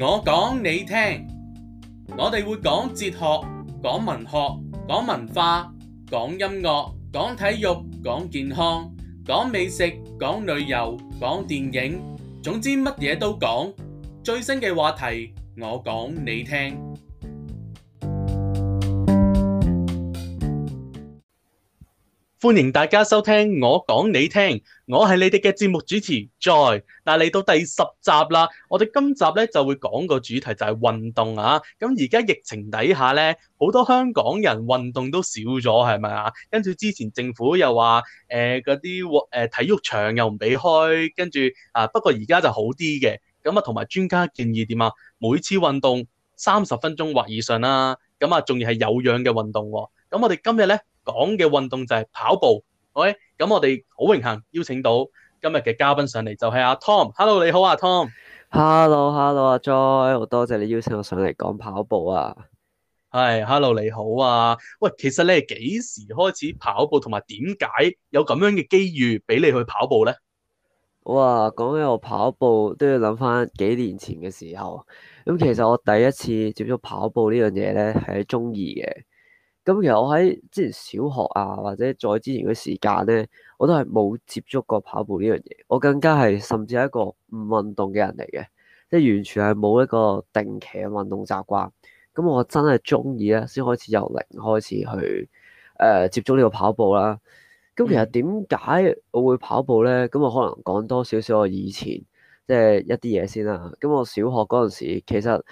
我講你聽，我哋會講哲學、講文學、講文化、講音樂、講體育、講健康、講美食、講旅遊、講電影，總之乜嘢都講。最新嘅話題，我講你聽。歡迎大家收聽我講你聽，我係你哋嘅節目主持 Joy。嗱，嚟到第十集啦，我哋今集咧就會講個主題就係運動啊。咁而家疫情底下咧，好多香港人運動都少咗，係咪啊？跟住之前政府又話，誒嗰啲運，誒、呃、體育場又唔俾開，跟住啊。不過而家就好啲嘅，咁啊同埋專家建議點啊？每次運動三十分鐘或以上啦、啊，咁啊仲要係有氧嘅運動、啊。咁、啊、我哋今日咧。講嘅運動就係跑步，喂，咁我哋好榮幸邀請到今日嘅嘉賓上嚟、啊，就係阿 Tom。Hello，你好啊 Tom。Hello，Hello，阿 Joy，好多謝你邀請我上嚟講跑步啊。係、hey,，Hello，你好啊。喂，其實你係幾時開始跑步，同埋點解有咁樣嘅機遇俾你去跑步咧？哇，講起我跑步都要諗翻幾年前嘅時候，咁、嗯、其實我第一次接觸跑步呢樣嘢咧，係喺中二嘅。咁其實我喺之前小學啊，或者再之前嘅時間咧，我都係冇接觸過跑步呢樣嘢。我更加係甚至係一個唔運動嘅人嚟嘅，即係完全係冇一個定期嘅運動習慣。咁我真係鍾意咧，先開始由零開始去誒、呃、接觸呢個跑步啦。咁其實點解我會跑步咧？咁我可能講多少少我以前即係、就是、一啲嘢先啦。咁我小學嗰陣時，其實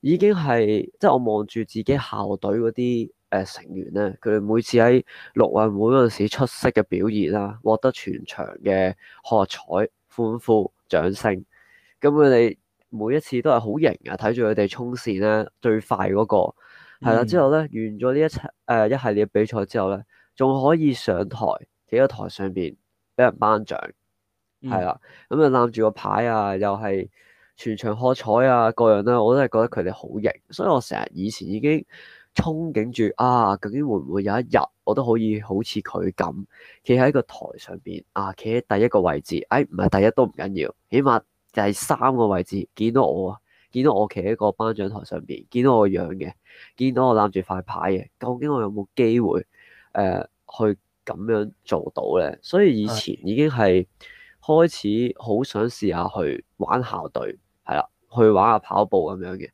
已經係即係我望住自己校隊嗰啲。誒、呃，成員咧，佢哋每次喺陸運會嗰陣時出色嘅表現啦、啊，獲得全場嘅喝彩、歡呼、掌聲。咁佢哋每一次都係好型啊！睇住佢哋衝線咧，最快嗰、那個係啦。之後咧，完咗呢一切誒、呃、一系列比賽之後咧，仲可以上台企喺台上邊俾人頒獎，係啦、嗯。咁啊攬住個牌啊，又係全場喝彩啊，各樣啊，我都係覺得佢哋好型。所以我成日以前已經。憧憬住啊，究竟會唔會有一日我都可以好似佢咁，企喺個台上邊啊，企喺第一個位置，誒，唔係第一都唔緊要，起碼第三個位置見到我啊，見到我企喺個頒獎台上邊，見到我樣嘅，見到我攬住塊牌嘅，究竟我有冇機會誒、呃、去咁樣做到咧？所以以前已經係開始好想試下去玩校隊，係啦，去玩下跑步咁樣嘅。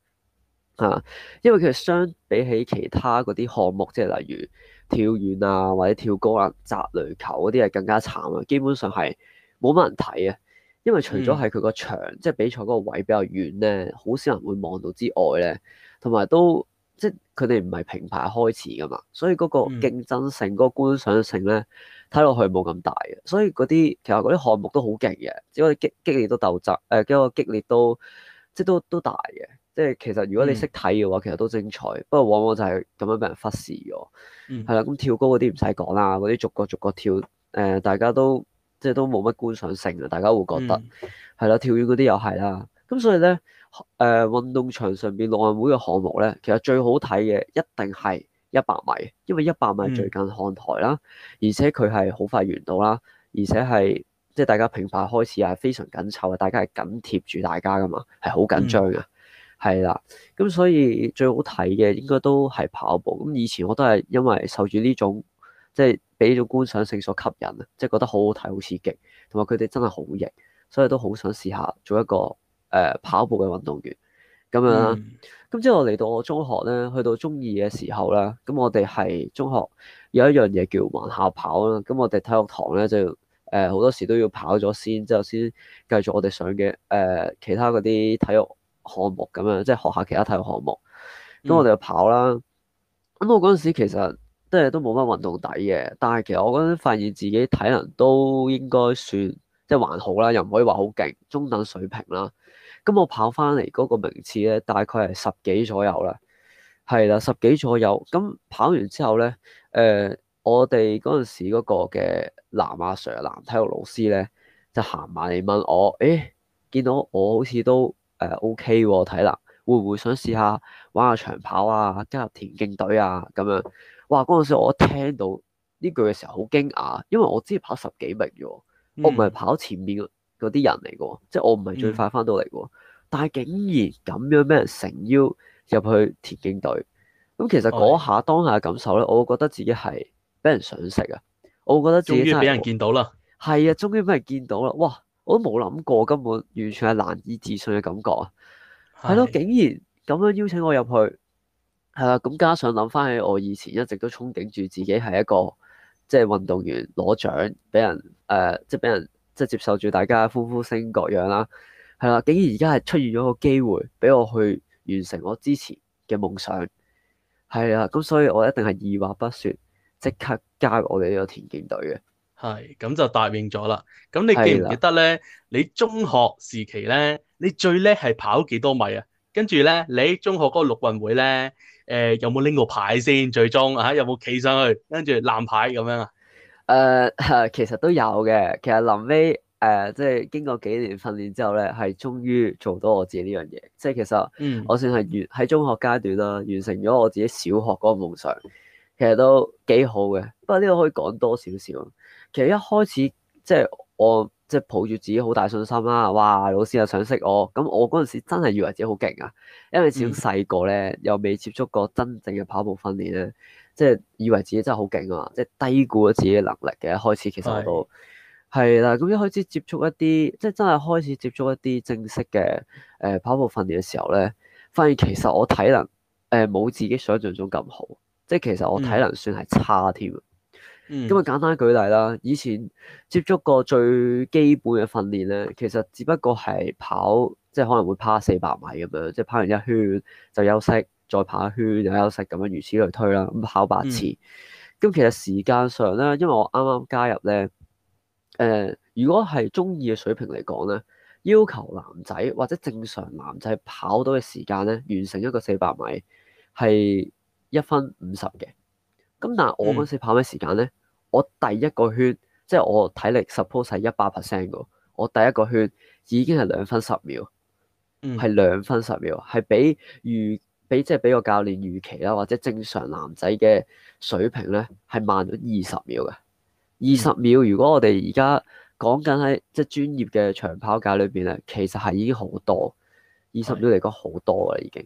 啊，因為佢相比起其他嗰啲項目，即係例如跳遠啊，或者跳高啊、砸壘球嗰啲，係更加慘啊。基本上係冇乜人睇嘅，因為除咗係佢個場，嗯、即係比賽嗰個位比較遠咧，好少人會望到之外咧，同埋都即係佢哋唔係平排開始噶嘛，所以嗰個競爭性、嗰、嗯、個觀賞性咧，睇落去冇咁大嘅。所以嗰啲其實嗰啲項目都好勁嘅，只係激激烈都鬥爭，誒、呃，嗰個激烈都即係都都，都，都，都，都，都大嘅。即係其實，如果你識睇嘅話，其實都精彩。嗯、不過往往就係咁樣俾人忽視咗，係啦、嗯。咁跳高嗰啲唔使講啦，嗰啲逐個逐個跳，誒、呃、大家都即係都冇乜觀賞性嘅，大家會覺得係啦、嗯。跳遠嗰啲又係啦。咁所以咧，誒、呃、運動場上邊陸運會嘅項目咧，其實最好睇嘅一定係一百米，因為一百米最近看台啦，嗯、而且佢係好快完到啦，而且係即係大家平排開始啊，非常緊湊啊，大家係緊貼住大家噶嘛，係好緊張嘅。嗯。係啦，咁所以最好睇嘅應該都係跑步。咁以前我都係因為受住呢種即係俾呢種觀賞性所吸引啊，即、就、係、是、覺得好好睇、好刺激，同埋佢哋真係好型，所以都好想試下做一個誒、呃、跑步嘅運動員咁樣啦。咁之後嚟到我中學咧，去到中二嘅時候啦。咁我哋係中學有一樣嘢叫慢下跑啦。咁我哋體育堂咧就誒好、呃、多時都要跑咗先，之後先繼續我哋上嘅誒、呃、其他嗰啲體育項目咁樣，即係學下其他體育項目。咁我哋就跑啦。咁、嗯、我嗰陣時其實都係都冇乜運動底嘅，但係其實我嗰陣發現自己體能都應該算即係、就是、還好啦，又唔可以話好勁，中等水平啦。咁我跑翻嚟嗰個名次咧，大概係十幾左右啦。係啦，十幾左右。咁跑完之後咧，誒、呃，我哋嗰陣時嗰個嘅南亞 Sir，男體育老師咧，就行埋嚟問我，誒、欸，見到我好似都。誒 OK 喎，睇啦，會唔會想試下玩下長跑啊，加入田徑隊啊咁樣？哇！嗰陣時我聽到呢句嘅時候好驚訝，因為我知跑十幾名啫，我唔係跑前面嗰啲人嚟嘅，嗯、即係我唔係最快返到嚟嘅，嗯、但係竟然咁樣俾人誠邀入去田徑隊。咁其實嗰下當下嘅感受咧，我覺得自己係俾人賞識啊，我覺得自己終於俾人見到啦。係啊，終於俾人見到啦！哇～我都冇諗過，根本完全係難以置信嘅感覺啊！係咯的，竟然咁樣邀請我入去，係啦。咁加上諗翻起我以前一直都憧憬住自己係一個即係運動員攞獎，俾人誒、呃、即係俾人即係接受住大家歡呼、呼聲各樣啦，係啦。竟然而家係出現咗個機會俾我去完成我之前嘅夢想，係啦。咁、嗯、所以我一定係二話不說，即刻加入我哋呢個田徑隊嘅。係，咁就答應咗啦。咁你記唔記得咧？的你中學時期咧，你最叻係跑幾多米啊？跟住咧，你中學嗰個陸運會咧，誒、呃，有冇拎個牌先？最終啊，有冇企上去？跟住攬牌咁樣啊？誒、呃，其實都有嘅。其實臨尾誒，即、呃、係經過幾年訓練之後咧，係終於做到我自己呢樣嘢。即係其實我算係完喺、嗯、中學階段啦，完成咗我自己小學嗰個夢想，其實都幾好嘅。不過呢個可以講多少少。其實一開始即係我即係抱住自己好大信心啦，哇！老師又想識我，咁我嗰陣時真係以為自己好勁啊，因為始終細個咧又未接觸過真正嘅跑步訓練咧，即係以為自己真係好勁啊，即係低估咗自己嘅能力嘅。一開始其實我係啦，咁是一開始接觸一啲即係真係開始接觸一啲正式嘅誒跑步訓練嘅時候咧，發現其實我體能誒冇自己想象中咁好，即係其實我體能算係差添。嗯咁啊，嗯、簡單舉例啦，以前接觸過最基本嘅訓練咧，其實只不過係跑，即、就、係、是、可能會跑四百米咁樣，即、就、係、是、跑完一圈就休息，再跑一圈又休息，咁樣如此類推啦。咁跑八次，咁、嗯、其實時間上咧，因為我啱啱加入咧，誒、呃，如果係中二嘅水平嚟講咧，要求男仔或者正常男仔跑到嘅時間咧，完成一個四百米係一分五十嘅。咁但係我嗰時跑咩時間咧？嗯、我第一個圈即係、就是、我體力 suppose 係一百 percent 嘅，我第一個圈已經係兩分十秒，係兩、嗯、分十秒，係比預，比即係比個教練預期啦，或者正常男仔嘅水平咧，係慢咗二十秒嘅。二十秒，如果我哋而家講緊喺即係專業嘅長跑界裏邊咧，其實係已經好多，二十秒嚟講好多啦，已經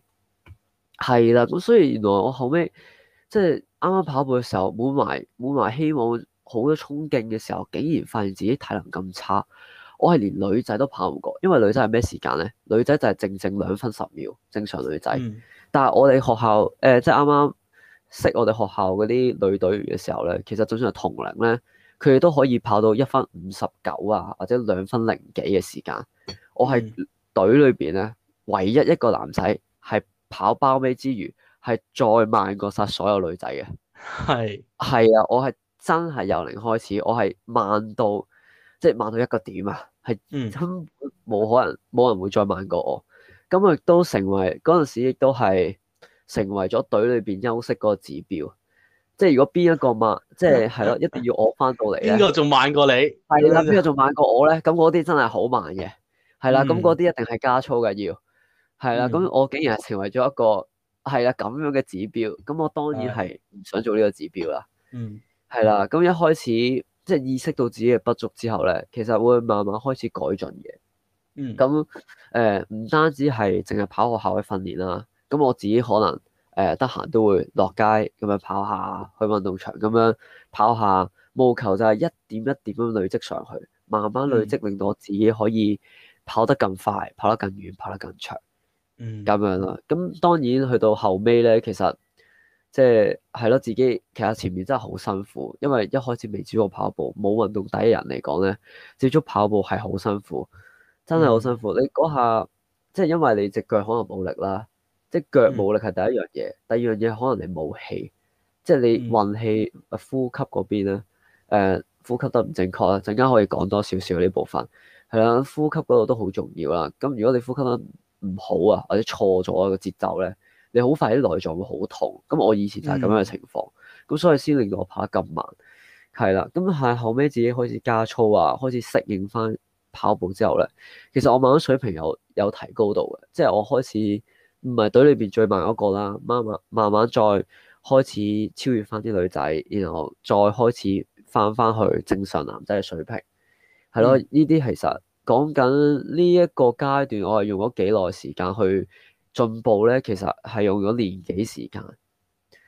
係啦。咁是所以原來我後尾。即係啱啱跑步嘅時候，滿懷滿懷希望，好多衝勁嘅時候，竟然發現自己體能咁差，我係連女仔都跑唔過，因為女仔係咩時間咧？女仔就係正正兩分十秒，正常女仔。但係我哋學校誒、呃，即係啱啱識我哋學校嗰啲女隊員嘅時候咧，其實就算係同齡咧，佢哋都可以跑到一分五十九啊，或者兩分零幾嘅時間。我係隊裏邊咧，唯一一個男仔係跑包尾之餘。係再慢過晒所有女仔嘅，係係是啊！我係真係由零開始，我係慢到即係慢到一個點啊，係真冇可能冇、嗯、人會再慢過我。咁亦都成為嗰陣時，亦都係成為咗隊裏邊休息個指標。即係如果邊一個慢，即係係咯，一定要我翻到嚟。啊，邊個仲慢過你？係啦、啊，邊個仲慢過我咧？咁嗰啲真係好慢嘅，係啦、嗯。咁嗰啲一定係加操嘅要，係啦、嗯。咁、啊、我竟然係成為咗一個。係啦，咁樣嘅指標，咁我當然係唔想做呢個指標啦、嗯。嗯，係啦，咁一開始即係、就是、意識到自己嘅不足之後咧，其實會慢慢開始改進嘅。嗯，咁誒唔單止係淨係跑學校嘅訓練啦，咁我自己可能誒得閒都會落街咁樣跑下，去運動場咁樣跑下，務求就係一點一點咁累積上去，慢慢累積、嗯、令到我自己可以跑得更快，跑得更遠，跑得更長。嗯，咁樣啦，咁當然去到後尾咧，其實即係係咯，自己其實前面真係好辛苦，因為一開始未試過跑步冇運動底嘅人嚟講咧，接觸跑步係好辛苦，真係好辛苦。嗯、你嗰下即係、就是、因為你隻腳可能冇力啦，即係腳冇力係第一樣嘢，嗯、第二樣嘢可能你冇氣，即、就、係、是、你運氣、嗯、呼吸嗰邊咧，誒、呃，呼吸得唔正確啦，陣間可以講多少少呢部分係啦，呼吸嗰度都好重要啦。咁如果你呼吸得、得唔好啊，或者錯咗個、啊、節奏咧，你好快啲內臟會好痛。咁我以前就係咁樣嘅情況，咁、嗯、所以先令我跑得咁慢，係啦。咁係後尾自己開始加粗啊，開始適應翻跑步之後咧，其實我慢慢水平有有提高到嘅，即、就、係、是、我開始唔係隊裏邊最慢嗰個啦，慢慢慢慢再開始超越翻啲女仔，然後再開始翻翻去正常男仔嘅水平，係咯，呢啲、嗯、其實。講緊呢一個階段，我係用咗幾耐時間去進步咧，其實係用咗年幾時間，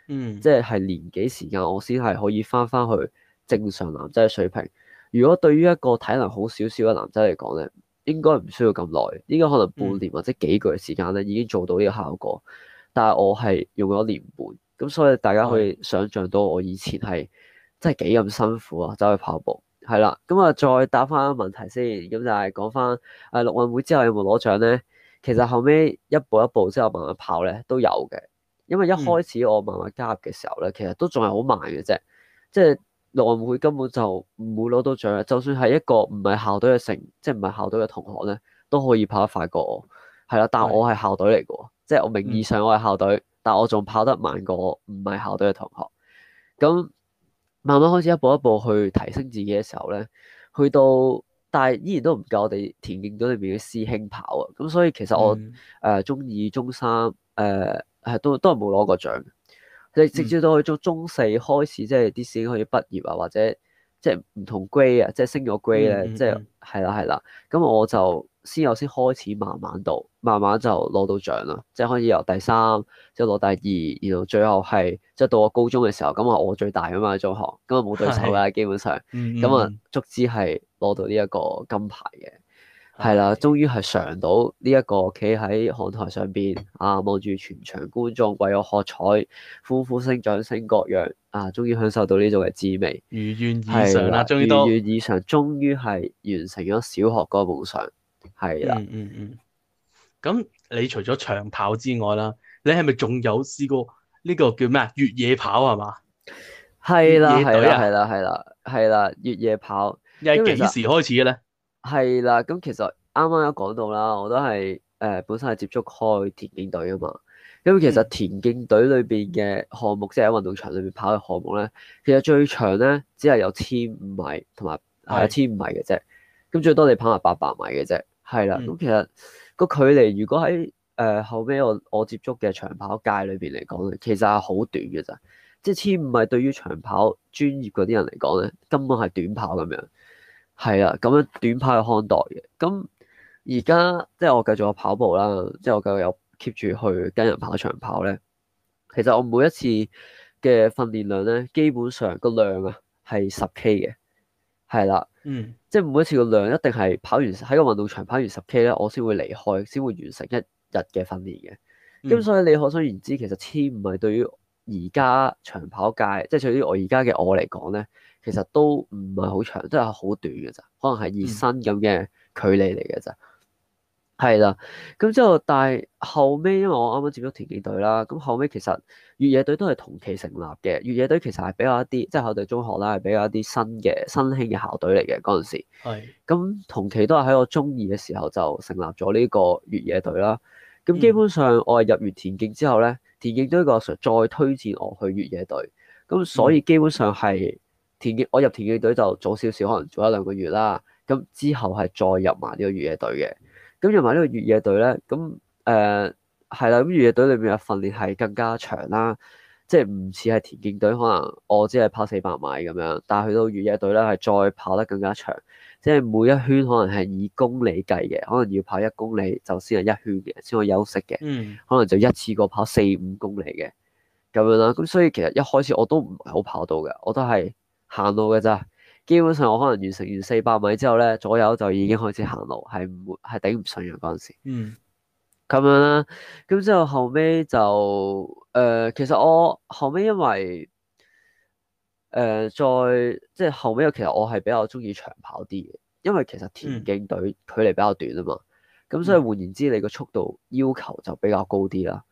嗯，即係年幾時間我先係可以翻翻去正常男仔嘅水平。如果對於一個體能好少少嘅男仔嚟講咧，應該唔需要咁耐，應該可能半年或者幾個月時間咧、嗯、已經做到呢個效果。但係我係用咗年半，咁所以大家可以想像到我以前係、嗯、真係幾咁辛苦啊，走去跑步。係啦，咁啊，再答翻問題先，咁就係講翻誒陸運會之後有冇攞獎咧？其實後尾一步一步之後慢慢跑咧，都有嘅。因為一開始我慢慢加入嘅時候咧，其實都仲係好慢嘅啫。即係陸運會根本就唔會攞到獎。就算係一個唔係校隊嘅成，即係唔係校隊嘅同學咧，都可以跑得快過我。係啦，但我係校隊嚟嘅，即係的我名義上我係校隊，嗯、但我仲跑得慢過唔係校隊嘅同學。咁。慢慢開始一步一步去提升自己嘅時候咧，去到但係依然都唔夠我哋田徑隊裏邊嘅師兄跑啊，咁所以其實我誒、嗯呃、中二、中三誒係、呃、都都係冇攞過獎，即係直至到去到中四開始，即係啲師兄可以畢業啊，或者即係唔同 grade 啊，即、就、係、是、升咗 grade 咧、啊，即係係啦係啦，咁、就是、我就。先有先開始慢慢，慢慢到慢慢就攞到獎啦。即係開始由第三，即係攞第二，然後最後係即係到我高中嘅時候，咁啊我最大啊嘛，中學咁啊冇對手㗎，基本上咁啊足之係攞到呢一個金牌嘅，係啦的，終於係上到呢、這、一個企喺看台上邊啊，望住全場觀眾為我喝彩，呼呼聲、掌聲各樣啊，終於享受到呢種嘅滋味，如願以償啦，終於如願以償，終於係完成咗小學嗰個夢想。係啦、嗯，嗯嗯咁你除咗長跑之外啦，你係咪仲有試過呢個叫咩啊？越野跑係嘛？係啦係啦係啦係啦係啦，越野跑，你係幾時開始嘅咧？係啦，咁其實啱啱有講到啦，我都係誒本身係接觸開田徑隊啊嘛，因為其實田徑隊裏邊嘅項目，即係喺運動場裏邊跑嘅項目咧，其實最長咧只係有千五米同埋係千五米嘅啫。咁最多你跑埋八百米嘅啫，係啦。咁其實個距離，如果喺誒、呃、後尾我我接觸嘅長跑界裏邊嚟講咧，其實係好短嘅咋，即係千五米，係對於長跑專業嗰啲人嚟講咧，根本係短跑咁樣。係啦，咁樣短跑去看待嘅。咁而家即係我繼續我跑步啦，即、就、係、是、我繼續有 keep 住去跟人跑長跑咧。其實我每一次嘅訓練量咧，基本上個量啊係十 K 嘅，係啦。嗯，即係每一次個量一定係跑完喺個運動場跑完十 K 咧，我先會離開，先會完成一日嘅訓練嘅。咁、嗯、所以你可想而知，其實千五米對於而家長跑界，即係對於我而家嘅我嚟講咧，其實都唔係好長，嗯、都係好短嘅咋，可能係熱身咁嘅距離嚟嘅咋。嗯係啦，咁之後，但係後尾，因為我啱啱接觸田徑隊啦，咁後尾其實越野隊都係同期成立嘅。越野隊其實係比較一啲，即係我哋中學啦，係比較一啲新嘅、新興嘅校隊嚟嘅嗰陣時。咁係，同期都係喺我中二嘅時候就成立咗呢個越野隊啦。咁基本上我係入完田徑之後咧，嗯、田徑隊個老師再推薦我去越野隊，咁所以基本上係田徑，我入田徑隊就早少少，可能早一兩個月啦。咁之後係再入埋呢個越野隊嘅。咁入埋呢個越野隊咧，咁誒係啦，咁越野隊裏面嘅訓練係更加長啦，即係唔似係田徑隊可能我只係跑四百米咁樣，但係去到越野隊咧係再跑得更加長，即係每一圈可能係以公里計嘅，可能要跑一公里就先係一圈嘅，先可以休息嘅，嗯、可能就一次過跑四五公里嘅咁樣啦。咁所以其實一開始我都唔係好跑到嘅，我都係行路嘅咋。基本上我可能完成完四百米之後咧，左右就已經開始行路，係唔係頂唔順嘅嗰陣時。嗯，咁樣啦，咁之後後尾就誒、呃，其實我後尾因為誒、呃、再即係、就是、後尾，其實我係比較中意長跑啲嘅，因為其實田徑隊距離比較短啊嘛，咁、嗯、所以換言之，你個速度要求就比較高啲啦，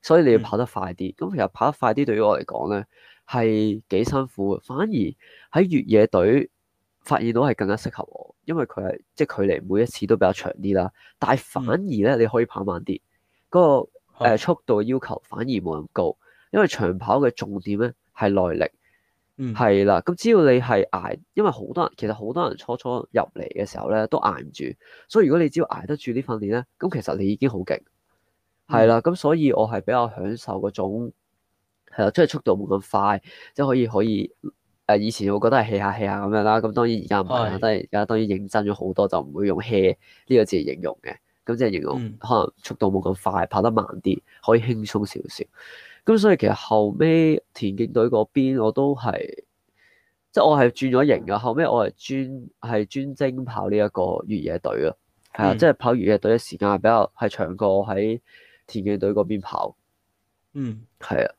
所以你要跑得快啲。咁、嗯、其實跑得快啲對於我嚟講咧係幾辛苦嘅，反而。喺越野隊發現到係更加適合我，因為佢係即係距離每一次都比較長啲啦。但係反而咧，你可以跑慢啲，嗰個誒速度要求反而冇咁高，因為長跑嘅重點咧係耐力，係啦、嗯。咁只要你係挨，因為好多人其實好多人初初入嚟嘅時候咧都挨唔住，所以如果你只要挨得住呢訓練咧，咁其實你已經好勁，係啦、嗯。咁所以我係比較享受嗰種，係啦，即係速度冇咁快，即係可以可以。誒，以前我覺得係 hea 下 hea 下咁樣啦，咁當然而家唔係啦，即係而家當然認真咗好多，就唔會用 hea 呢、這個字形容嘅，咁即係形容可能速度冇咁快，嗯、跑得慢啲，可以輕鬆少少。咁所以其實後尾田徑隊嗰邊我都係，即、就、係、是、我係轉咗型噶，後尾我係專係專精跑呢一個越野隊囉，係啊，即係、嗯、跑越野隊嘅時間係比較係長過我喺田徑隊嗰邊跑。嗯，係啊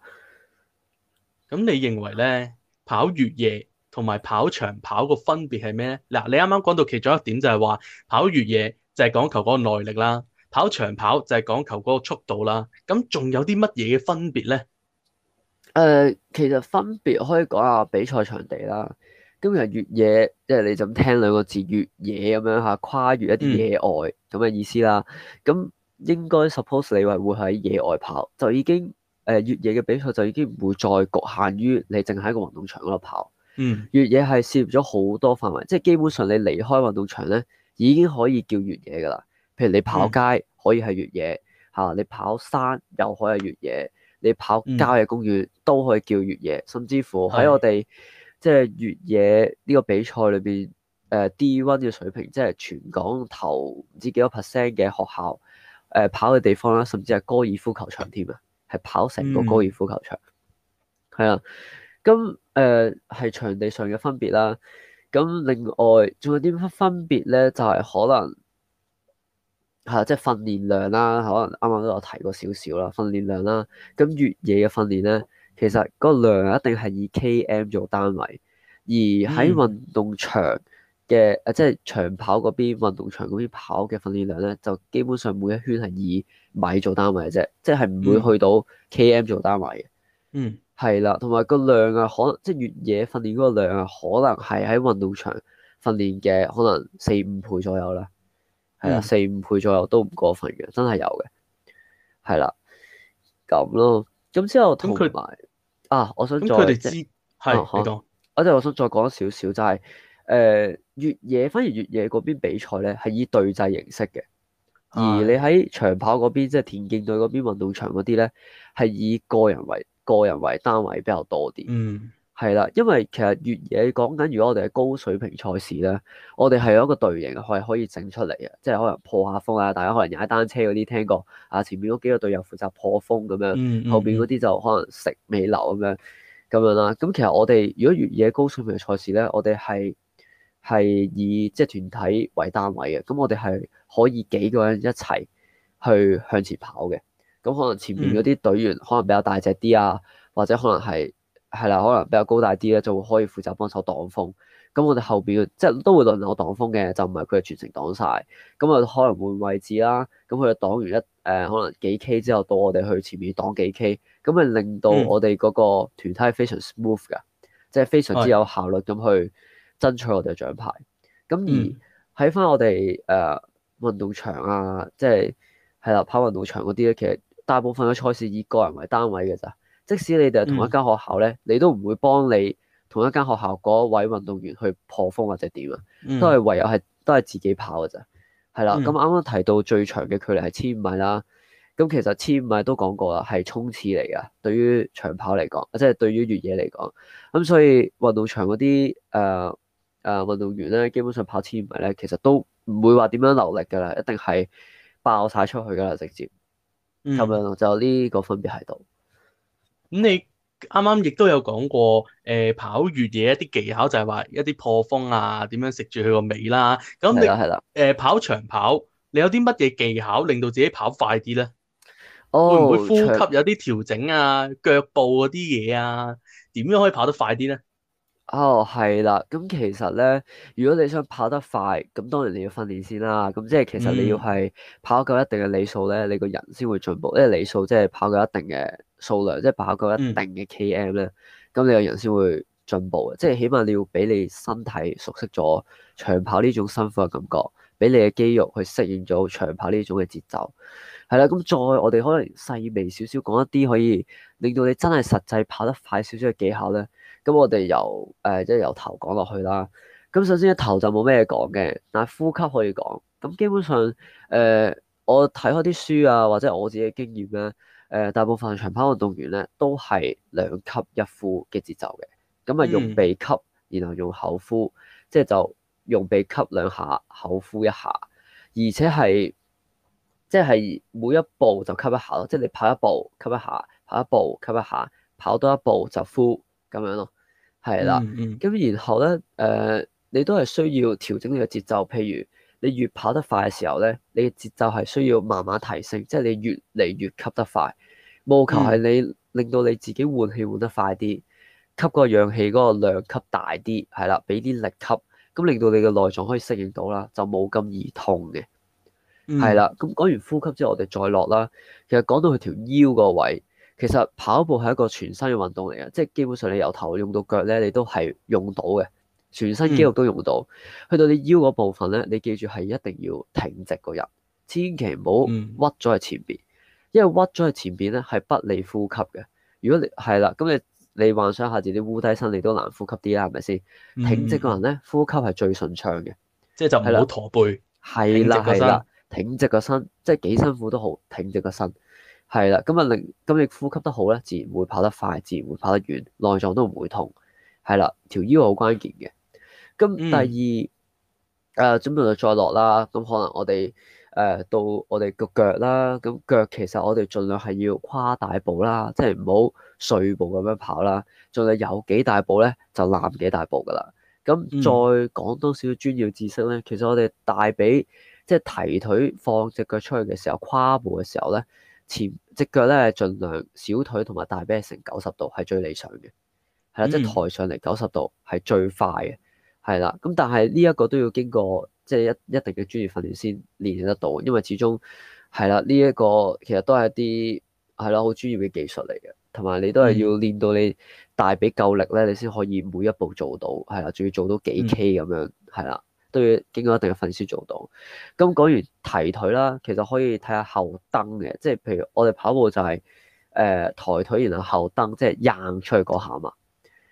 的。咁你認為咧？跑越野同埋跑長跑個分別係咩咧？嗱、啊，你啱啱講到其中一點就係話跑越野就係講求嗰個耐力啦，跑長跑就係講求嗰個速度啦。咁仲有啲乜嘢嘅分別咧？誒、呃，其實分別可以講下比賽場地啦。今日越野，即、就、係、是、你就咁聽兩個字越野咁樣吓，跨越一啲野外咁嘅意思啦。咁、嗯、應該 suppose 你話會喺野外跑，就已經。誒越野嘅比賽就已經唔會再局限於你淨喺個運動場嗰度跑，嗯，越野係涉咗好多範圍，即、就、係、是、基本上你離開運動場咧，已經可以叫越野㗎啦。譬如你跑街可以係越野吓、嗯啊，你跑山又可以係越野，嗯、你跑郊野公園都可以叫越野，甚至乎喺我哋即係越野呢個比賽裏邊，誒 D1 嘅水平即係、就是、全港頭唔知幾多 percent 嘅學校誒、呃、跑嘅地方啦，甚至係高爾夫球場添啊！係跑成個高爾夫球場，係啊、嗯，咁誒係場地上嘅分別啦。咁另外仲有啲乜分別咧？就係、是、可能嚇，即、啊、係、就是、訓練量啦。可能啱啱都有提過少少啦。訓練量啦，咁越野嘅訓練咧，其實個量一定係以 KM 做單位，而喺運動場，嗯嘅啊，即係長跑嗰邊，運動場嗰邊跑嘅訓練量咧，就基本上每一圈係以米做單位嘅啫，即係唔會去到 KM 做單位嘅。嗯，係啦，同埋個量啊，可能即係越野訓練嗰個量啊，可能係喺運動場訓練嘅，可能四五倍左右啦。係啦，四五、嗯、倍左右都唔過分嘅，真係有嘅。係啦，咁咯，咁之後同埋們啊，我想再即係，知啊，我即係我想再講少少就係、是。誒、呃、越野反而越野嗰邊比賽咧係以隊制形式嘅，而你喺長跑嗰邊、啊、即係田徑隊嗰邊運動場嗰啲咧係以個人為個人為單位比較多啲，嗯，係啦，因為其實越野講緊，如果我哋係高水平賽事咧，我哋係有一個隊形係可以整出嚟嘅，即係可能破下風啊，大家可能踩單車嗰啲聽過啊，前面嗰幾個隊友負責破風咁樣，後邊嗰啲就可能食尾流咁樣咁樣啦、啊。咁、嗯嗯嗯嗯嗯嗯、其實我哋如果越野，野高水平賽事咧，我哋係。係以即係團體為單位嘅，咁我哋係可以幾個人一齊去向前跑嘅。咁可能前面嗰啲隊員可能比較大隻啲啊，或者可能係係啦，可能比較高大啲咧，就會可以負責幫手擋風。咁我哋後邊即係都會輪流擋風嘅，就唔係佢係全程擋晒。咁啊，可能換位置啦。咁佢擋完一誒、呃、可能幾 K 之後，到我哋去前面擋幾 K，咁咪令到我哋嗰個團體非常 smooth 嘅，即係、嗯、非常之有效率咁去，爭取我哋嘅獎牌，咁而喺返我哋誒、嗯呃、運動場啊，即係係啦，跑運動場嗰啲咧，其實大部分嘅賽事以個人為單位嘅咋，即使你哋係同一間學校咧，嗯、你都唔會幫你同一間學校嗰位運動員去破風或者點啊，嗯、都係唯有係都係自己跑嘅咋，係啦、嗯。咁啱啱提到最長嘅距離係千五米啦，咁其實千五米都講過啦，係衝刺嚟㗎，對於長跑嚟講，即、就、係、是、對於越野嚟講，咁所以運動場嗰啲誒。呃誒，運動員咧，基本上跑千米咧，其實都唔會話點樣留力噶啦，一定係爆晒出去噶啦，直接咁樣就呢個分別喺度。咁、嗯、你啱啱亦都有講過，誒、呃，跑越野一啲技巧就係、是、話一啲破風啊，點樣食住佢個尾啦。咁你係啦，誒、呃，跑長跑，你有啲乜嘢技巧令到自己跑快啲咧？哦、會唔會呼吸有啲調整啊？腳長步嗰啲嘢啊？點樣可以跑得快啲咧？哦，係啦，咁其實咧，如果你想跑得快，咁當然你要訓練先啦。咁即係其實你要係跑夠一定嘅里數咧，你個人先會進步。因為里數即係跑夠一定嘅數量，即係跑夠一定嘅 KM 咧，咁你個人先會進步嘅。嗯，即係起碼你要俾你身體熟悉咗長跑呢種辛苦嘅感覺，俾你嘅肌肉去適應咗長跑呢種嘅節奏。係啦，咁再我哋可能細微少少講一啲可以令到你真係實際跑得快少少嘅技巧咧。咁我哋由誒，即、呃、係、就是、由頭講落去啦。咁首先，一頭就冇咩嘢講嘅，但係呼吸可以講。咁基本上，誒、呃，我睇開啲書啊，或者我自己經驗咧、啊，誒、呃，大部分長跑運動員咧都係兩吸一呼嘅節奏嘅。咁啊，用鼻吸，然後用口呼，即係就用鼻吸兩下，口呼一下，而且係即係每一步就吸一下咯，即係你跑一步吸一下，跑一步，吸一下，跑一步吸一下，跑多一步就呼咁樣咯。係啦，咁、嗯嗯、然後咧，誒、呃，你都係需要調整你嘅節奏。譬如你越跑得快嘅時候咧，你嘅節奏係需要慢慢提升，即係你越嚟越吸得快，務求係你令到你自己換氣換得快啲，嗯、吸個氧氣嗰個量吸大啲，係啦，俾啲力吸，咁令到你嘅內臟可以適應到啦，就冇咁易痛嘅。係啦、嗯，咁講完呼吸之後，我哋再落啦。其實講到佢條腰個位。其實跑步係一個全身嘅運動嚟嘅，即係基本上你由頭用到腳咧，你都係用到嘅，全身肌肉都用到。嗯、去到你腰嗰部分咧，你記住係一定要挺直個人，千祈唔好屈咗喺前邊，嗯、因為屈咗喺前邊咧係不利呼吸嘅。如果你係啦，咁你你幻想下自己烏低身，你都難呼吸啲啦，係咪先？挺直個人咧，呼吸係最順暢嘅，即係就唔好駝背。係啦，係啦，挺直個身，即係幾辛苦都好，挺直個身。係啦，咁啊令咁你呼吸得好咧，自然會跑得快，自然會跑得遠，內臟都唔會痛。係啦，條腰好關鍵嘅。咁第二，誒、嗯呃，準備再落啦。咁可能我哋誒、呃、到我哋個腳啦，咁腳其實我哋盡量係要跨大步啦，即係唔好碎步咁樣跑啦。盡量有幾大步咧，就攬幾大步噶啦。咁再講多少專業知識咧，嗯、其實我哋大髀即係提腿放隻腳出去嘅時候，跨步嘅時候咧。前隻腳咧，盡量小腿同埋大髀成九十度係最理想嘅，係啦，嗯、即係抬上嚟九十度係最快嘅，係啦。咁但係呢一個都要經過即係一一定嘅專業訓練先練得到，因為始終係啦，呢一個其實都係一啲係啦好專業嘅技術嚟嘅，同埋你都係要練到你大髀夠力咧，你先可以每一步做到，係啦，仲要做到幾 K 咁樣，係啦。都要經過一定嘅訓練做到。咁講完提腿啦，其實可以睇下後蹬嘅，即係譬如我哋跑步就係、是、誒、呃、抬腿，然後後蹬，即係硬出去嗰下嘛。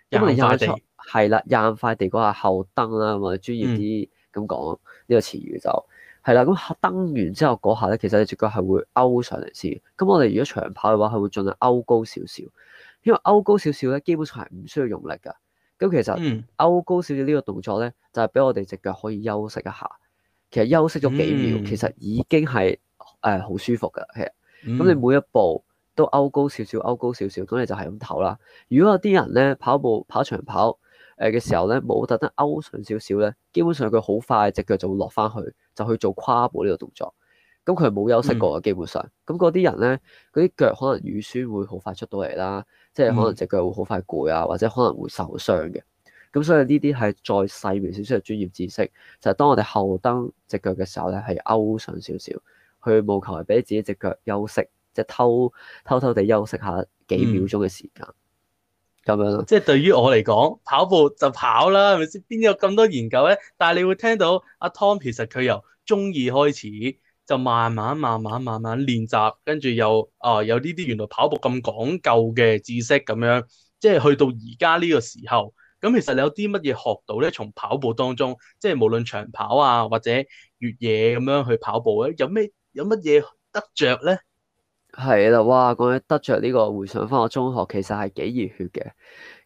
因為硬出，係啦，硬快地嗰下後蹬啦，咁啊專業啲咁講呢個詞語就係啦。咁蹬、嗯、完之後嗰下咧，其實你隻腳係會勾上嚟先。咁我哋如果長跑嘅話，係會盡量勾高少少，因為勾高少少咧，基本上係唔需要用力㗎。咁其實勾高少少呢個動作咧，就係、是、俾我哋隻腳可以休息一下。其實休息咗幾秒，嗯、其實已經係誒好舒服嘅。其實，咁、嗯、你每一步都勾高少少，勾高少少，咁你就係咁唞啦。如果有啲人咧跑步跑長跑誒嘅時候咧，冇特登勾上少少咧，基本上佢好快隻腳就會落返去，就去做跨步呢個動作。咁佢冇休息過、嗯，基本上咁嗰啲人咧，嗰啲腳可能乳酸會好快出到嚟啦，嗯、即係可能隻腳會好快攰啊，或者可能會受傷嘅。咁所以呢啲係再細微少少嘅專業知識，就係、是、當我哋後蹬隻腳嘅時候咧，係勾上少少去務求，係俾自己隻腳休息，即係偷偷偷地休息下幾秒鐘嘅時間咁、嗯、樣咯。即係對於我嚟講，跑步就跑啦，係咪先？邊有咁多研究咧？但係你會聽到阿 Tom 其實佢由中二開始。就慢慢慢慢慢慢練習，跟住又啊有呢啲原來跑步咁講究嘅知識咁樣，即係去到而家呢個時候，咁其實你有啲乜嘢學到咧？從跑步當中，即係無論長跑啊或者越野咁樣去跑步咧，有咩有乜嘢得着咧？係啦，哇！講起得着呢個回想翻我中學，其實係幾熱血嘅。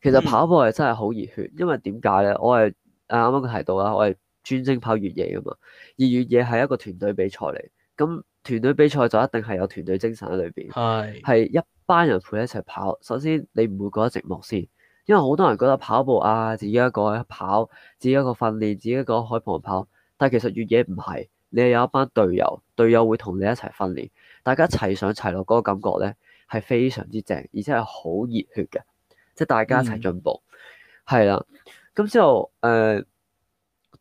其實跑步係真係好熱血，嗯、因為點解咧？我係啊啱啱佢提到啦，我係。專精跑越野噶嘛，而越野係一個團隊比賽嚟，咁團隊比賽就一定係有團隊精神喺裏邊，係係是一班人陪你一齊跑。首先你唔會覺得寂寞先，因為好多人覺得跑步啊，自己一個跑，自己一個訓練，自己一個海旁跑，但係其實越野唔係，你係有一班隊友，隊友會同你一齊訓練，大家齊上齊落嗰個感覺咧係非常之正，而且係好熱血嘅，即係大家一齊進步，係啦、嗯，咁之後誒。呃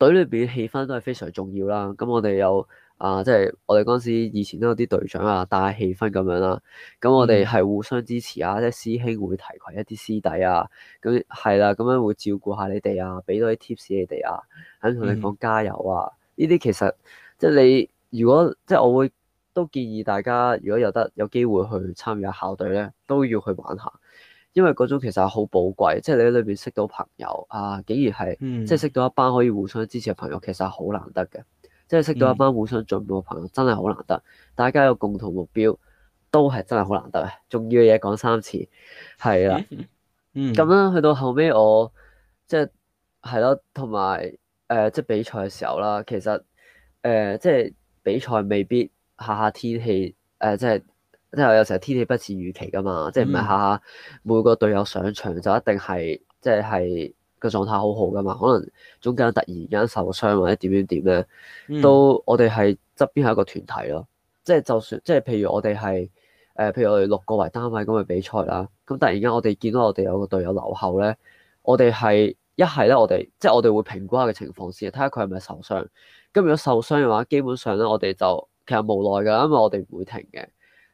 隊裏邊嘅氣氛都係非常重要啦，咁我哋有啊，即係我哋嗰陣時以前都有啲隊長啊帶氣氛咁樣啦，咁我哋係互相支持啊，mm hmm。即係師兄會提攜一啲師弟啊，咁係啦，咁樣會照顧下你哋啊，俾多啲 tips 你哋啊，肯同你講加油啊，呢啲，mm hmm。其實即係你如果即係我會都建議大家，如果有得有機會去參與校隊咧，都要去玩下。因為嗰種其實係好寶貴，即、就、係、是、你喺裏邊識到朋友啊，竟然係即係識到一班可以互相支持嘅朋友，其實係好難得嘅，即、就、係、是、識到一班互相進步嘅朋友，嗯、真係好難得，大家有共同目標，都係真係好難得嘅。重要嘅嘢講三次，係啦，咁啦、嗯，去到後尾，我即係係咯，同埋誒即係比賽嘅時候啦，其實誒、呃、即係比賽未必下下天氣誒、呃、即係。即係有時天氣不似預期㗎嘛，即係唔係下下每個隊友上場就一定係即係個狀態好好㗎嘛？可能中間突然間受傷或者點點點咧，嗯、都我哋係側邊係一個團體咯。即、就、係、係、就算即係、就係、譬如我哋係誒，譬如我哋六個為單位咁去比賽啦。咁突然間我哋見到我哋有個隊友留後咧，我哋係一係咧，我哋即係我哋會評估下嘅情況先，睇下佢係咪受傷。咁如果受傷嘅話，基本上咧我哋就其實無奈㗎，因為我哋唔會停嘅。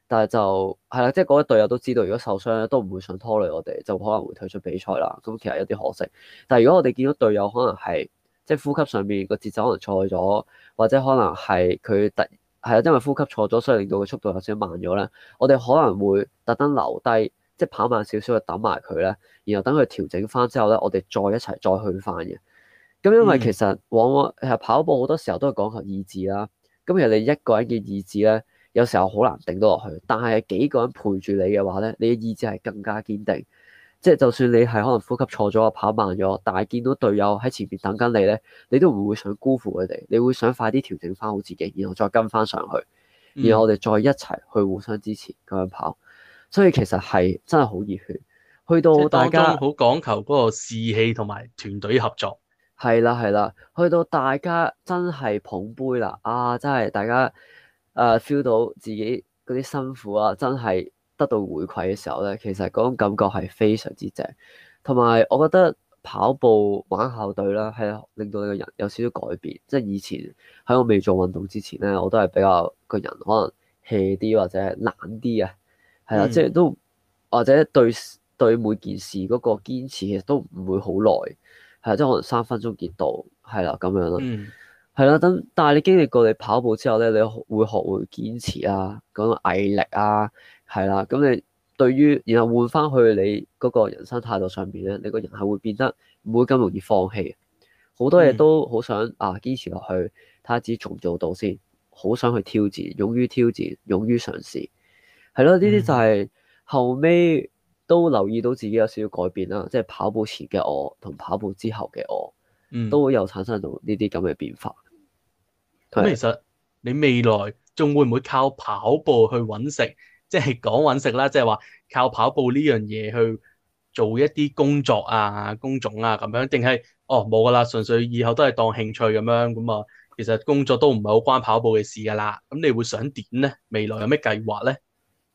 但係就係啦，即係嗰一隊友都知道，如果受傷咧都唔會想拖累我哋，就可能會退出比賽啦。咁其實有啲可惜。但係如果我哋見到隊友可能係即係呼吸上面個節奏可能錯咗，或者可能係佢突係啊，因為呼吸錯咗，所以令到個速度有少少慢咗咧。我哋可能會特登留低，即係跑慢少少去等埋佢咧，然後等佢調整翻之後咧，我哋再一齊再去翻嘅。咁因為其實往往其實跑步好多時候都係講求意志啦。咁其實你一個人嘅意志咧。有時候好難頂到落去，但係幾個人陪住你嘅話咧，你嘅意志係更加堅定。即係就算你係可能呼吸錯咗啊，跑慢咗，但係見到隊友喺前面等緊你咧，你都唔會想辜負佢哋，你會想快啲調整翻好自己，然後再跟翻上去，然後我哋再一齊去互相支持咁樣跑。所以其實係真係好熱血，去到大家好講求嗰個士氣同埋團隊合作。係啦係啦，去到大家真係捧杯啦啊！真係大家。誒、uh, feel 到自己嗰啲辛苦啊，真係得到回饋嘅時候咧，其實嗰種感覺係非常之正。同埋我覺得跑步玩校隊咧，係令到你個人有少少改變。即係以前喺我未做運動之前咧，我都係比較個人可能 hea 啲或者懶啲啊，係啊，即係都或者對對每件事嗰個堅持其實都唔會好耐，係啊，即係可能三分鐘熱度，係啦咁樣咯。嗯係啦，等，但係你經歷過你跑步之後咧，你會學會堅持啊，嗰個毅力啊，係啦，咁你對於然後換翻去你嗰個人生態度上邊咧，你個人係會變得唔會咁容易放棄，好多嘢都好想、嗯、啊堅持落去，睇下自己重做到先，好想去挑戰，勇於挑戰，勇於嘗試，係咯，呢啲就係後尾都留意到自己有少少改變啦，即係跑步前嘅我同跑步之後嘅我，都會有產生到呢啲咁嘅變化。咁其實你未來仲會唔會靠跑步去揾食，即係講揾食啦，即係話靠跑步呢樣嘢去做一啲工作啊、工種啊咁樣，定係哦冇噶啦，純粹以後都係當興趣咁樣咁啊。其實工作都唔係好關跑步嘅事噶啦。咁你會想點咧？未來有咩計劃咧？誒、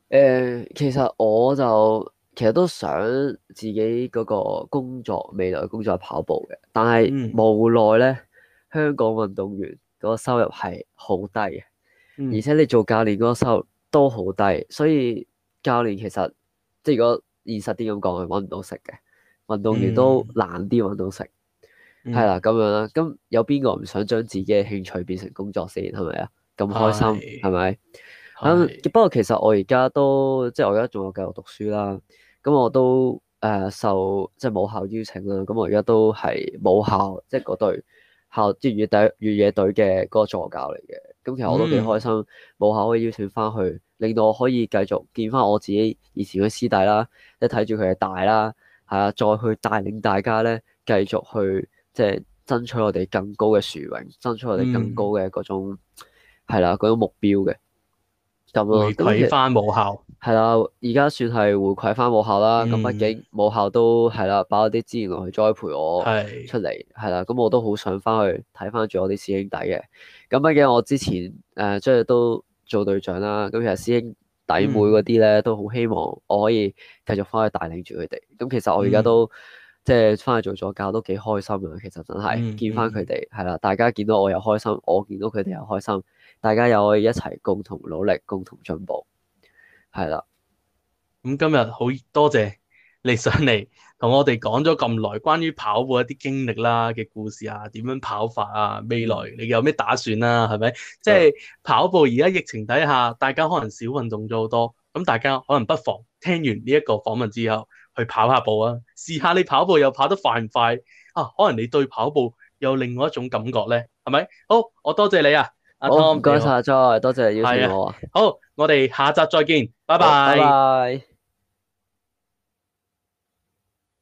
呃，其實我就其實都想自己嗰個工作未來嘅工作係跑步嘅，但係無奈咧、嗯、香港運動員。嗰個收入係好低嘅，嗯、而且你做教練嗰個收入都好低，所以教練其實即係如果現實啲咁講，係揾唔到食嘅。運動員都難啲揾到食，係啦咁樣啦。咁有邊個唔想將自己嘅興趣變成工作先係咪啊？咁開心係咪？咁不過其實我而家都即係我而家仲有繼續讀書啦。咁我都誒、呃、受即係母校邀請啦。咁我而家都係母校即係嗰隊校之業隊越野隊嘅嗰個助教嚟嘅。咁其實我都幾開心，母校可以邀請翻去，令到我可以繼續見翻我自己以前嘅師弟啦，即係睇住佢嘅大啦，係啊，再去帶領大家呢，繼續去即係爭取我哋更高嘅殊榮，爭取我哋更高嘅嗰種係啦，嗰、嗯、種目標嘅。咁咯，回饋翻母校，係啦，而家算係回饋翻母校啦。咁畢竟母校都係啦，擺咗啲資源落去栽培我出嚟，係是啦。咁我都好想翻去睇翻住我啲師兄弟嘅。咁畢竟我之前誒即係都做隊長啦。咁其實師兄弟妹嗰啲咧都好希望我可以繼續翻去帶領住佢哋。咁其實我而家都即係翻去做助教，都幾開心嘅。其實真係、嗯嗯、見翻佢哋，係啦，大家見到我又開心，我見到佢哋又開心，大家又可以一齊共同努力，共同進步，係啦。咁今日好多謝你上嚟同我哋講咗咁耐關於跑步一啲經歷啦嘅故事啊，點樣跑法啊，未來你有咩打算啊？係咪？即係跑步而家疫情底下，大家可能少運動咗好多。咁大家可能不妨聽完呢一個訪問之後，去跑下步啊，試下你跑步又跑得快唔快啊？可能你對跑步有另外一種感覺咧，係咪？好，我多謝你啊！好唔該曬，Joy，多謝你邀請我啊！好，oh，我哋下集再見，拜拜。